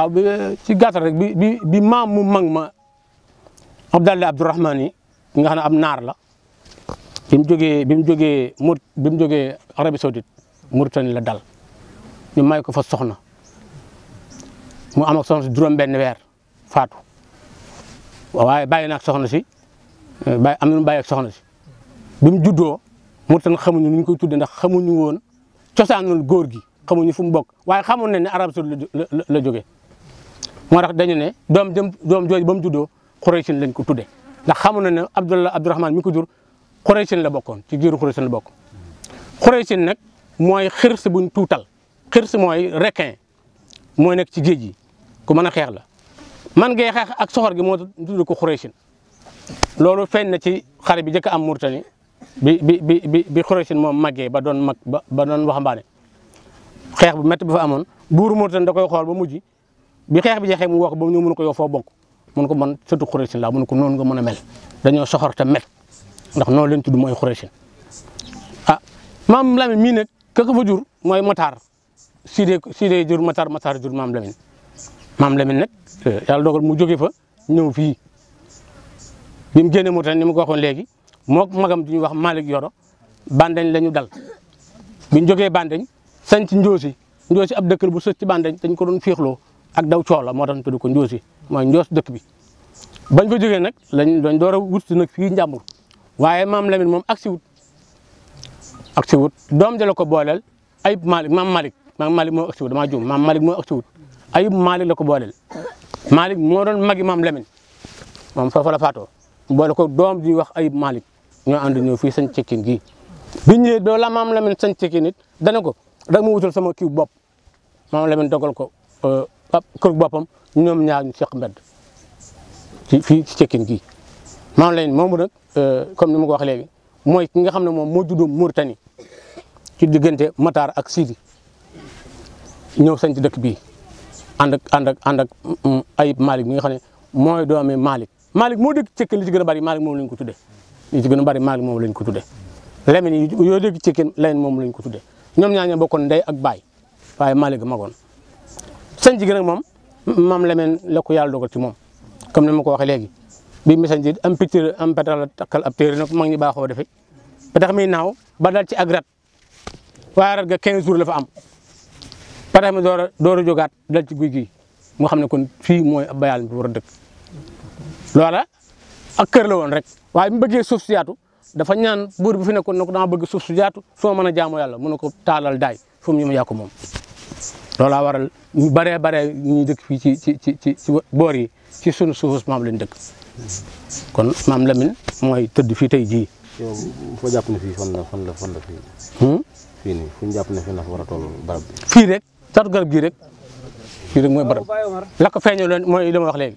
waaw eh, ci gàttal rek bi bi bi maam mu mag ma Abdallah Abdourahman yi nga xam ne am naar la bi joge jógee bi mu jógee mu jógee Arabie Saoudite Mauritanie la dal ñu may ko fa soxna mu am ak soxna si juróom-benn weer faatu waaye bàyyi na soxna si eh, bàyyi am na lu soxna si bi mu juddoo Mauritanie xamuñu nu ñu koy tuddee ndax xamuñu woon cosaanul góor gi xamuñu fu mu bokk waaye xamoon nañ ne Arabie Saoudite la la jógee. moo tax dañu ne doom jëm doom jooju ba mu juddoo Xuraysin lañ ko tudde ndax xamu na ne Abdullah Abdurahman mi ko jur Xuraysin la bokkoon ci giiru Xuraysin la bokk Xuraysin nag mooy xirs buñ tuutal xirs mooy requin mooy nekk ci géej gi ku mën a xeex la man ngay xeex ak soxor gi moo tudd ko Xuraysin loolu feeñ na ci xare bi njëkk am Murtani bi bi bi bi bi Xuraysin moom màggee ba doon mag ba doon waxambaane xeex bu métti ba fa amoon buuru Murtani da koy xool ba mujj bi xeex bi jeexee mu wax ba mu ñëw mun ko yow foo bokk mun ko man sëtu Xuraysin laa mun ko noonu nga mën a mel dañoo soxor ta met ndax noonu leen tudd mooy Xuraysin a ah maam Lamine mii nag ka ko fa jur mooy Matar Sidé Sidé jur Matar Matar jur maam Lamine maam Lamine nag euh, yàlla dogal mu jóge fa ñëw fii bi mu génne Mauritanie ni ma ko waxoon léegi mook magam di ñu wax Malick Yoro Bandeñ la ñu dal bi ñu jógee Bandeñ sanc Njoosi Njoosi ab dëkkal bu sës ci Bandeñ dañ ko doon féexloo ak daw coow la moo tax ñu tudd ko Ndiosi mooy Ndios dëkk bi. bañ fa jógee nag lañ dañ door a wut si nag maam Lamine moom ak si wut ak wut doom de la ko booleel ayib Malick maam Malick maam Malick moo ak si wut damaa juum maam ayib Malick la ko booleel Malick moo doon magi maam Lamine moom foofa la faatoo boole ko doom di wax ayib Malick ñoo ànd ñëw fii sañ cekkin gi biñ ñëwee doo la maam Lamine sañ cekkin it dana ko rek mo wutal sama kii bopp maam Lamine dogal ko euh, ab kër boppam ñoom ñaar ñu seq ci fii ci cekkin gii maam lañ moomu nag euh, comme ni ma ko wax léegi mooy ki nga xam ne moom moo juddoo Mauritanie ci diggante Matar ak Sidi ñëw sañ ci dëkk bii ànd ak ànd ak ànd ak mm, Ayib Malick mi nga xam ne mooy doomi Malick Malick moo dëkk cekkin li ci gën a bari Malick moom lañ ko tuddee li ci gën a bari Malick moom lañ ko tuddee lemin yi yooyu leen moom lañ ko tuddee ñoom ñaar ñoo bokkoon ak baay waaye Malick magoon message gi nag moom maam Lamine la ko yàlla ci moom comme ni ma ko waxee léegi bi message ji am picture am pétale takkal ab téere ba mag ñi baaxoo defee mi naaw ba dal ci ak rat waaye rat ga 15 jours la fa am patax mi door a door a dal ci guy gi nga xam ne kon fii mooy ab bayaal bi war a dëkk loola a kër la woon rek waaye bi mu bëggee suuf yaatu dafa ñaan buur bi fi nekkoon ne ko dama bëgg suuf si yaatu soo mën a jaamu yàlla mun na ko taalal daay fu mu ñu moom loolaa waral ñu baree baree dëkk fii ci ci ci ci ci boor yi ci sunu suufus maam lañ dëkk kon maam Lamine mooy tëdd fii tey jii. yow foo jàpp ne fii fan la fan la fan la fii. Hmm? fii nii fu jàpp ne fii la war a toll barab bi. fii rek taatu garab gii rek fii rek mooy barab la ko feeñoo leen mooy li ma wax léegi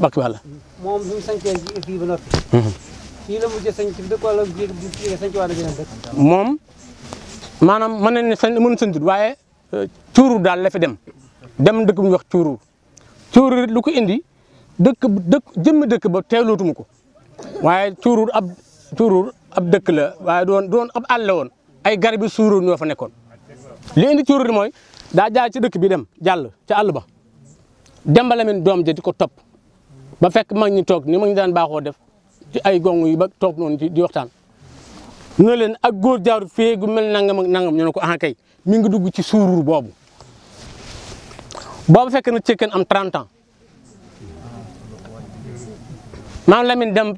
bakki wàlla. moom bi mu sañcee fii hmm. mën nañu ne sañ mën sañ tudd cuuru daal la dem dem dëkk bu ñuy wax cuuru cuuru lu ko indi dëkk dëkk dëkk ba teelootuma ko waaye cuuru ab cuuru ab dëkk la waaye doon doon ab àll woon ay garab yi suuróor ñoo fa nekkoon li indi cuuru mooy daa jaar ci dëkk bi dem jàll ci àll ba dembalamin doom ja di ko topp ba fekk mag ñi toog ni mag ñi daan baaxoo def ci ay gong yi ba toog noonu di waxtaan ñu ne leen ak góor jaaru fee gu mel nangam ak nangam ñu ko ah kay mi ngi dugg ci suuruur boobu boobu fekk na Cekkeen am trent ans maa Lamine dem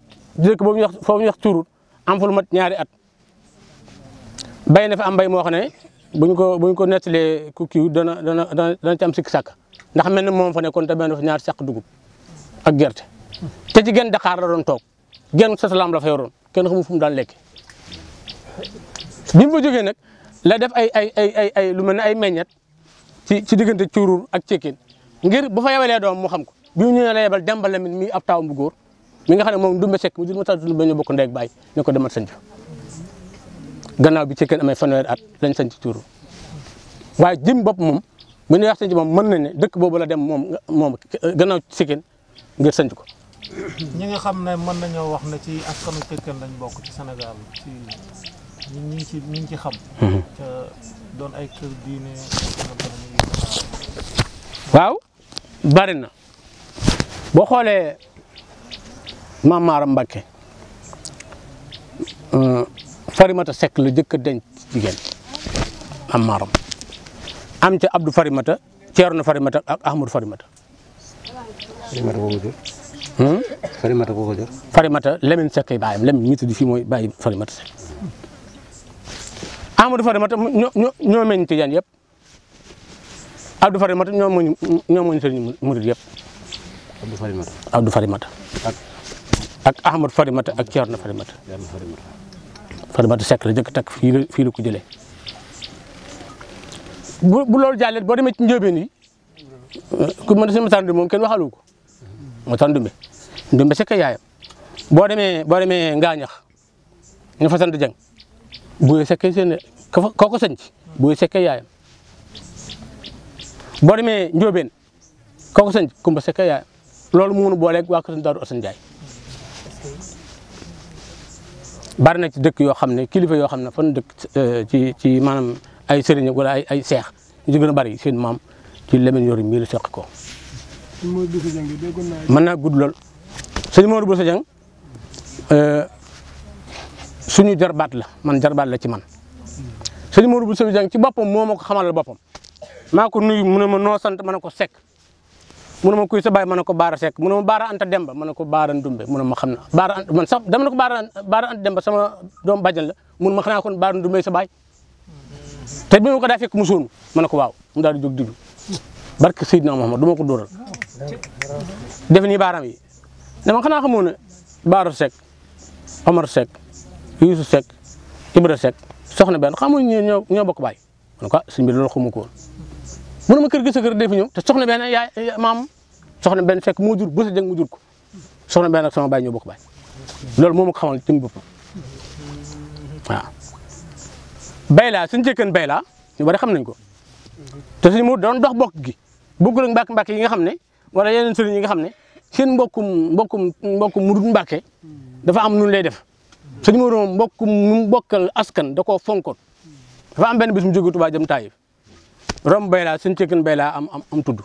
dëkk boobu ñuy wax foofu ñuy wax suuruur am fu lu mat ñaari at bay na fa am mbay moo xam ne bu ñu ko bu ñu ko nettalee ku dana dana dana ci am sikki sàkk ndax mel na moom fa nekkoon te benn fa ñaari sàq dugub ak gerte te ci genn Dakar la doon toog genn sasalaam la fa yoroon kenn xamul fu mu daan lekk bi fa jógee nag. la def ay ay ay ay ay lu mel ne ay meññet ci ci diggante cuurur ak cekkin ngir bu fa yebalee doom mu xam ko bi mu ñëwee la yebal Demba Lamine mi ab taawam bu góor mi nga xam ne moom Dumbe Seck mu jur ma taatu ba ñu bokk ndey ak baay ko demal sanc gannaaw bi cekkin amee fanweeri at lañ sanc cuurur waaye jëm bopp moom bu ñuy wax moom mën na ne dëkk boobu la dem moom moom gannaaw cekkin ngir sanc ko. ñi nga xam ne mën nañoo wax ne ci askanu cekkin lañ bokk ci Sénégal ñun ñu ci xam. Mhm. doon ay kër diine waaw bari na boo xoolee maam Maaram Mbakke euh, Farimata Seck la jëkk a denc jigéen maam Maaram am ca Abdou Farimata Ceerno Farimata ak Ahmadou Farimata. Farimata boo ko jur. Hmm? Farimata boo ko jur. Farimata Lamine Seck ay baayam Lamine ñu tudd fi mooy bàyyi Farimata Seck. Amadou Fatoumata ñoo ñoo ñoo meññ tijaan yëpp Abdou Fatoumata ñoo mooñ ñoo mooñ sëriñ murid yëpp. Abdou Fatoumata Abdou Fatoumata. ak ak Ahmad Fatoumata ak Thierno la jëkk takk fii la fii la ko jëlee. bu bu loolu jàllee boo demee ci njóobeen yi euh, ku mën si Massane Ndoumbe moom kenn waxalu ko Massane Ndoumbe Ndoumbe Seck yaayam boo demee boo demee buy sekkee seen koo ko sanc buy sekkee yaayam boo demee Njóobeen koo ko sanc kumba sekkee yaayam loolu mu mun a booleeg waa ko sëñ Daaru bari na ci dëkk yoo xam ne kilifa yoo xam ne fan dëkk ci ci maanaam ay sëriñ wala ay ay seex ñu ci gën a bari seen maam ci lemen yor mii la soqi ko mën naa gudd lool sëñ Mor Bousso Dieng euh, suñu jarbaat la man jarbaat la ci man sëñ Modou Bousso bi jàng ci boppam moo ma ko xamalal boppam maa ko nuyu mu ne ma noo sant ma ne ko Seck mu ne ma kuy sa baay ma ne ko Baara Seck mu ma Baara Anta Demba ma ne ko Baara Ndumbe mu ne ma xam na Baara man sax dama ne ko Baara Baara Anta Demba sama doom bàjjan la mu ne ma xanaa kon Baara Ndumbe sa baay te bi ma ko daa fekk mu sóonu ma ne ko waaw mu daal di jóg diglu barke Seydina Muhammad du ma ko dóoral def nii baaraam yi dama xanaa xamoo ne Baara Seck Omar Seck Youssou Seck Ibra Seck soxna benn xamuñ ñoo ñoo bokk baay en tout cas suñ ko woon. mënu ma kër gi sa dee fi ñëw te soxna benn yaay eh, maam soxna benn Seck moo jur bu sa jëng mu jur ko soxna benn ak sama baay ñoo bokk loolu moom ko xamal ci boppam waaw. Bayla suñu jëkkën Bayla ñu bari xam nañ ko te suñu mu doon dox bokk gi bëggul ak mbàkk mbàkk yi nga xam ne wala yeneen sëriñ yi nga xam ne seen mbokkum mbokkum mbokkum murut mbàkke dafa am nu le def. sëñ Moro mbokk mu bokkal askan da koo fonkoon dafa am benn bis mu jóge Tuubaa jëm Taayif rom bay laa suñ cekkan bay laa am am tudd bi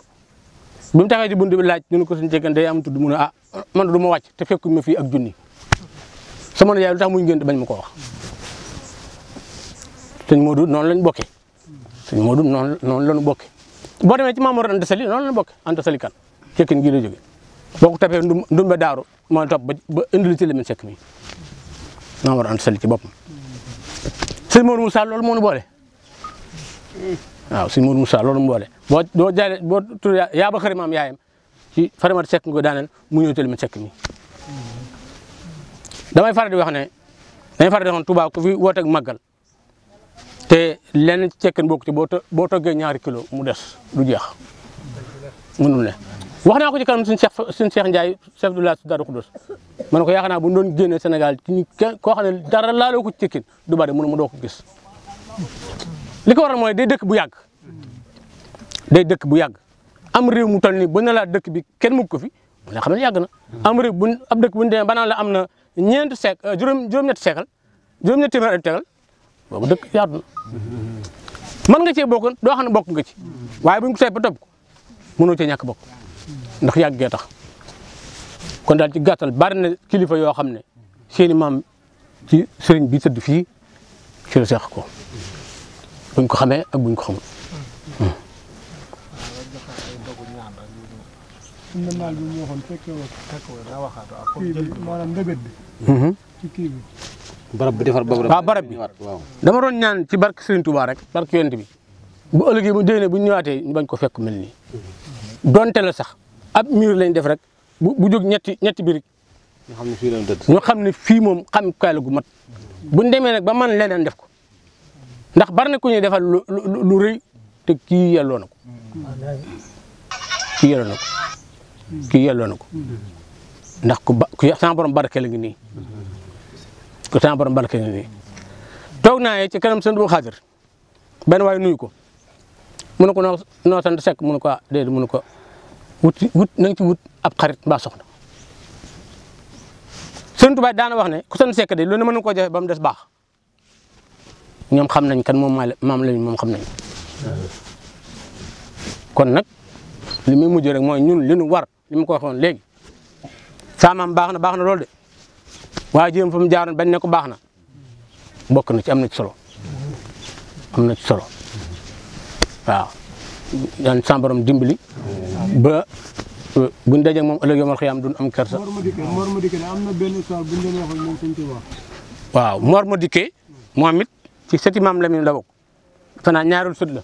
mu taxee ci bi laaj ñu ko suñ cekkan day am tuddu mu a ah man du ma wàcc te fekku ma fii ak junni sama nijaay lu tax muy ngeen bañ ma ko wax sëñ Modou noonu lañ bokkee sëñ Modou noonu noonu lañu bokkee boo demee ci Maamor Anta Sali noonu lañu bokkee Anta Sali kan cekkan gii la jóge boo ko tapee ndumbe daaru mooy topp ba ba indil ci Lamine maa war a sali ci boppam sëñ Modou Moussa loolu moo ñu boole waaw sëñ Modou Moussa loolu mu boole boo doo jaaree boo tur yaa ba xarit maam yaayam ci Farimata Seck nga ko daaneel mu ñëw tëli ma Seck mi damay faral di wax ne dañuy faral di wax ne Touba ku fi wooteeg màggal te lenn cekken bokk ci boo boo toggee ñaari kilo mu des du jeex mënul ne wax naa ko ci kanam suñu Cheikh suñu Cheikh Ndiaye chef de village Darou Khoudoss ma ne ko yaakaar naa bu ñu doon génne Sénégal ci koo xam ne dara laaloo ko ci tekkin du bari mu ne ma doo ko gis. li ko waral mooy day dëkk bu yàgg day dëkk bu yàgg am réew mu toll ni bu ne laa dëkk bi kenn mu ko fi bu la xam ne yàgg na. am réew bu ab dëkk bu ñu demee ba naan la am na ñeenti seek euh, juróom juróom-ñetti seekal juróom-ñetti téeméer tegal boobu dëkk yaatu na mën nga cee bokk doo xam ne bokk nga ci waaye bu ñu ko seet ba topp ko mënoo cee ñàkk bokk ndax yàggee tax kon daal ci gàttal bari na kilifa yoo xam ne seeni maam ci sëriñ bi fii ci seex ko buñ ko xamee ak buñ ko xamul. barab bi dama doon ñaan ci barke Serigne Touba rek barke yonent bi bu ëllëgee mu déwénee bu ñu ñëwaatee ñu bañ ko fekk mel nii donte la sax. ab mur lañ def rek bu bu jóg ñetti ñetti birig ñu xam ne fii lañ xam ne fii moom xam la gu mat buñ demee nag ba man leneen def ko ndax bari na ku ñuy defal lu lu rëy te kii yelloo na ko kii yelloo na ko kii yelloo na ko ndax ku ba ku sama borom barke la ngi nii ku sama borom barke la ngi nii toog ci kanam sëñ bu xaadir benn nuyu ko mu ne ko noo noo sant sekk ko ah déedéet mu ne ko wut wut na ci wut ab xarit mbaa soxna Sëriñ Tuubaa daana wax ne ku son sekk de lu ne ma na koo joxe ba mu des baax ñoom xam nañ kan moom maam lañ moom xam nañ kon nag li mu mujj rek mooy ñun linu nu war li ko waxoon léegi saa maam baax na baax na loolu de waaye jéem fa mu jaaroon bañ ne ko baax na bokk na ci am na ci solo am ci solo daan sàmbaram dimbali ba uh, buñ dajee moom ëllëg yomal xiyaam duñ am kersa. Mor Madické am waaw Mor Madické moom it ci sëti maam Lamine la bokk xanaa ñaarul sët la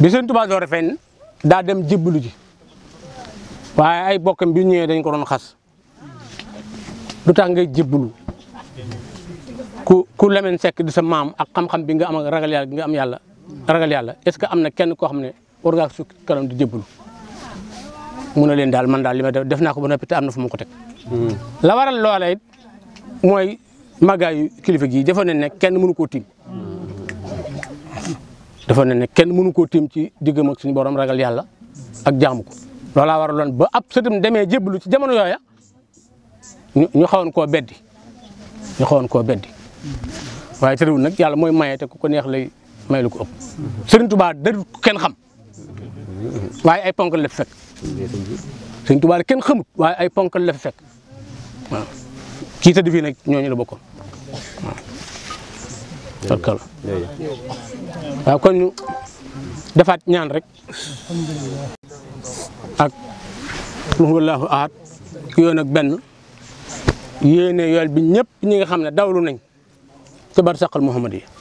bi Sëñ daa dem jébbalu ji waaye ay bokkam bi ñëwee dañ ko doon xas lu tax ngay jébbalu ku ku Lamine Seck sa maam ak xam-xam bi nga am ragal yàlla bi am yàlla. ragal yàlla est ce que am na kenn koo xam ne war ngaa sukk kanam di jébbalu mu ne leen daal man daal li ma def naa ko ba noppi te am na fu mu ko teg. Hmm. la waral loola it mooy màggaayu kilifa gi dafa ne ne kenn mënu koo tiim. dafa ne kenn mënu koo tiim ci diggam ak suñu borom ragal yàlla ak jaamu ko loolaa waraloon ba ab sëtam demee jébbalu ci jamono yooya ñu ñu xawoon koo beddi ñu xawoon koo beddi waaye tëriwul nag yàlla mooy maye te ku ko neex lay. may lu ko ëpp Serigne Touba dëru kenn xam waaye ay ponkal la fi fekk Serigne Touba kenn xamut waaye ay ponkal la fi fekk waaw kii fii nag ñooñu la bokkoon defaat ñaan rek ak lu wallaahu ahad yoon ak benn yéene yool bi ñëpp ñi nga xam ne dawlu nañ ci barsaqal Muhammad yi